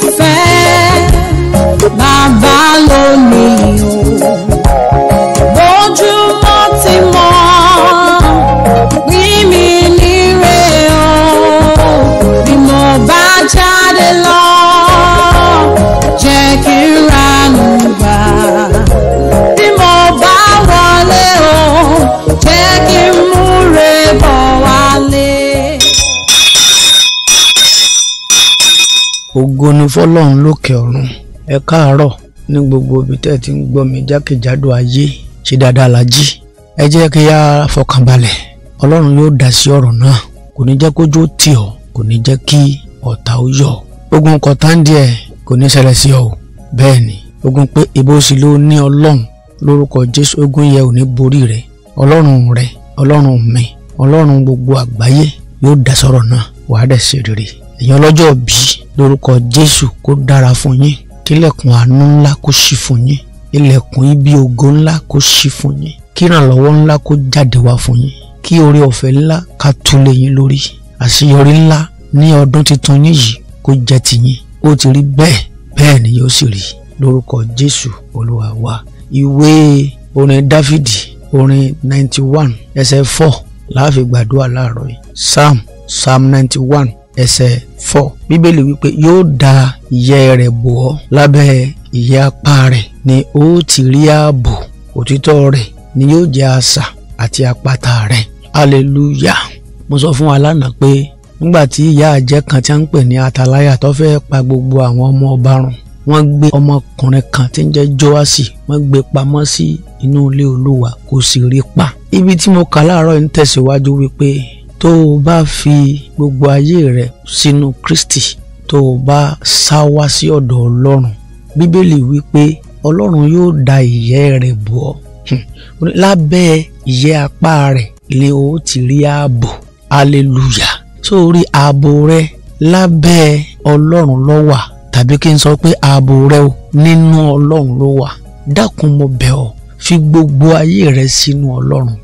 Dios ògo ni fọlọ́run lókè ọ̀run ẹ káàárọ̀ ní gbogbo ibi tẹ́ ẹ ti ń gbọ́ mi jákèjádò ayé ṣe dáadáa la jí ẹ jẹ́ kí a fọkànbalẹ̀ ọlọ́run yóò dá sí ọ̀rọ̀ náà kò ní jẹ́ kójú tì ọ́ kò ní jẹ́ kí ọ̀tá ó yọ ogun kọ̀tàndíẹ̀ kò ní ṣẹlẹ̀ sí ọ bẹ́ẹ̀ ni ogun pé ibo sì ló ní ọlọ́run lórúkọ jésù ogun yẹ ò ní borí rẹ ọlọ́run rẹ ọlọ́run mi ọlọ́run gbogbo àgbáyé yóò dá sọ̀rọ̀ náà wàá dẹ̀ ṣe rere èèyàn lọ́jọ́ bí lórúkọ Jésù kó dára fún yín kílẹ̀kùn àánú ńlá kó ṣí fún yín ilẹ̀kùn ibi ògo ńlá kó ṣí fún yín kírànlọ́wọ́ ńlá kó jáde wá fún yín kí oore ọ̀fẹ́ ńlá ká túlẹ̀ yín lórí àṣeyọrí ńlá ní ọdún tuntun yín yìí kó jẹ́ tiyín ó ti rí bẹ́ẹ̀ bẹ́ẹ̀ ni yóò sì rí lórúkọ Jésù Olúwa wa ìwé orin Dáfídì orin ninety one ẹsẹ̀ four la fi gbàdúrà láàárọ̀ yìí Psalm Psalm ninety one ẹsẹ̀ four bíbélì wípé yóò da ìyẹ́ rẹ̀ bò ọ́ lábẹ́ ìyẹ́ apá rẹ̀ ni ó ti rí ààbò òtítọ́ rẹ̀ ni yóò jẹ́ asà àti àpáta rẹ̀ hallelujah mo sọ fún wa lánàá pé nígbà tí ìyá àjẹ́ kan tí ń pè ní ataláyà tó fẹ́ pa gbogbo àwọn ọmọ ọba run wọ́n gbé ọmọkùnrin kan tí ń jẹ́ joasi wọ́n gbé pamọ́ sí inú ilé olúwa kò sì rí pa ibi tí mo kà láàárọ̀ ń tẹ̀síwájú wípé tó o bá fi gbogbo ayé rẹ sínú Kristi tó o bá sá wá sí ọ̀dọ̀ Ọlọ́run Bíbélì wípé Ọlọ́run yóò da ìyẹ́ rẹ̀ bò ọ́ hmm. lábẹ́ ìyẹ́ apá rẹ̀ lé o ti rí ààbò hallelujah sórí ààbò rẹ lábẹ́ Ọlọ́run ló wà tàbí kí n sọ pé ààbò rẹ o nínú Ọlọ́run ló wà dákun mo bẹ̀ ọ́ fi gbogbo ayé rẹ sínú Ọlọ́run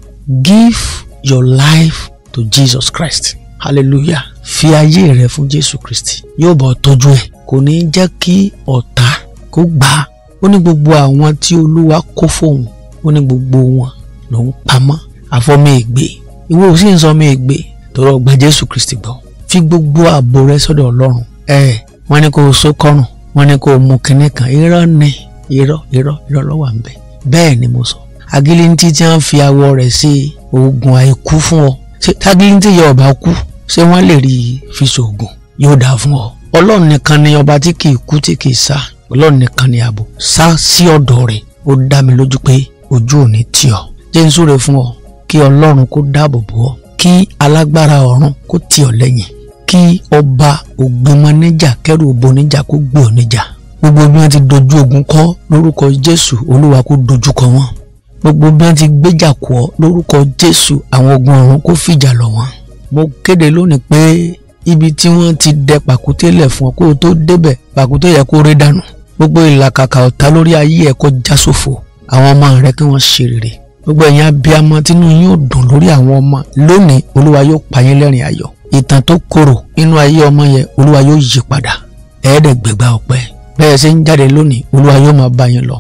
give your life to Jesus Christ hallelujah fi ayé rẹ fún Jésù Kristi yóò bọ̀ tọ́jú ẹ̀ kò ní jẹ́ kí ọ̀tá kó gbà á ó ní gbogbo àwọn tí Olúwa kó fóun ó ní gbogbo wọn lòún pamọ́ àfọmọ́ ègbè ìwọ ò sì ń sọmọ ègbè tọrọ gba Jésù Kristi gbọ́ fi gbogbo ààbò rẹ sọ́dọ̀ Ọlọ́run ẹ wọ́n ní kó o sókọrùn wọ́n ní kó mú kinní kan irọ́ ni irọ́ irọ́ irọ́ ló wà ń bẹ bẹ́ẹ̀ ni mo sọ agilintí tí wọ́n fi awọ rẹ̀ sí oògùn àìkú fún ọ tágílíntì yọ ọba kú ṣé wọ́n lè rí i fi ṣoògùn yóò dáa fún ọ ọlọ́run nìkan ni ọba tí kì í kú tí kì í sá ọlọ́run nìkan ni ààbò sá sí ọ̀dọ̀ rẹ̀ ó dá mi lójú pé ojú ò ní tì ọ́ jẹ́ ń fún ọ kí ọlọ́run kó dáàbò bò kí alágbára ọ̀run kó tì ọ́ lẹ́yìn kí ọba ògbìmọ̀ níjà kẹ́rù òbò níjà kó gbò níjà gbogbo bí wọ́n ti dojú ogun kọ lórúkọ jésù olúwa kó dojú kọ wọ́n gbogbo bí wọ́n ti gbéjà kú ọ lórúkọ Jésù àwọn ogun ọ̀run kó fìjà lọ wọ́n. mo kéde lónìí pé ibi tí wọ́n ti dẹ pàkúté lẹ̀ fún ọ kó o tó débẹ̀ pàkúté yẹ kó ré dànù gbogbo ìlàkàkà ọ̀tá lórí ayé ẹ̀ kó já sófo àwọn ọmọ rẹ kí wọ́n ṣe rere gbogbo ẹ̀yin abiyamọ tínú yín ò dùn lórí àwọn ọmọ lónìí olúwa yóò pa lẹ́rìn ayọ̀ ìtàn tó korò nínú ayé ọmọ yẹn olúwa yóò yí padà ẹ̀ẹ́dẹ̀gbẹ̀gbà ọpẹ́ bẹ́ẹ̀ ṣe ń jáde lónìí olúwa yóò máa bá yín lọ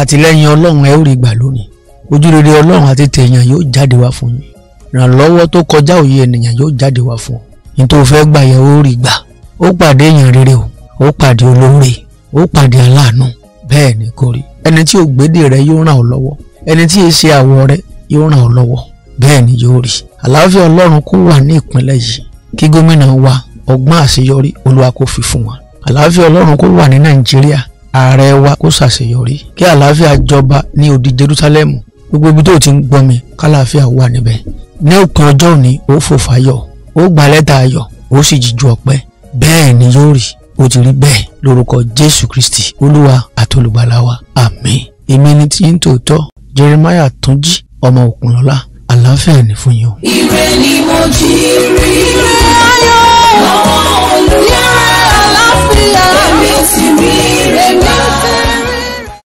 àtìlẹ́yìn ọlọ́run ẹ ó ojúrere ọlọ́run àti tèèyàn yóò jáde wá fún yín ìrànlọ́wọ́ tó kọjá òye ènìyàn yóò jáde wá fún ọ ní tó fẹ́ gbà yẹ ó rí gbà ó pàdé èèyàn rere o ó pàdé olóore ó pàdé aláàánú bẹ́ẹ̀ ni kò rí ẹni tí ògbédè rẹ yóò ràn ọ́ lọ́wọ́ ẹni tí èsì àwọ̀ rẹ yóò ràn ọ́ lọ́wọ́ bẹ́ẹ̀ ni yóò rí àlàáfíà ọlọ́run kó wà ní ìpínlẹ̀ yìí kí gómìnà wa ọgbọ́n àṣeyọrí olúwa kó fi fún wa àlàáfíà ọlọ́run kó wà ní nàìjíríà ààrẹ wa kó ṣàṣeyọrí kí àlàáfíà jọba ní odi jerusalemu gbogbo ibi tó ti ń gbọ́ mi kálàáfíà wà níbẹ̀ ní òpin ọjọ́ òní ó fò fáyọ̀ ó gba lẹ́tà ayọ̀ ó sì jíjú ọpẹ́ bẹ́ẹ̀ ni yóò rí ó ti rí bẹ́ẹ̀ lórúkọ Jésù Kristi Olúwa àtolùgbàlà wa àmín èmi ni tí ń tòótọ́ Jeremiah Túnjí ọmọ Òkúnlọ́lá àlàáfíà ni fún yín o. ni mo jí rí.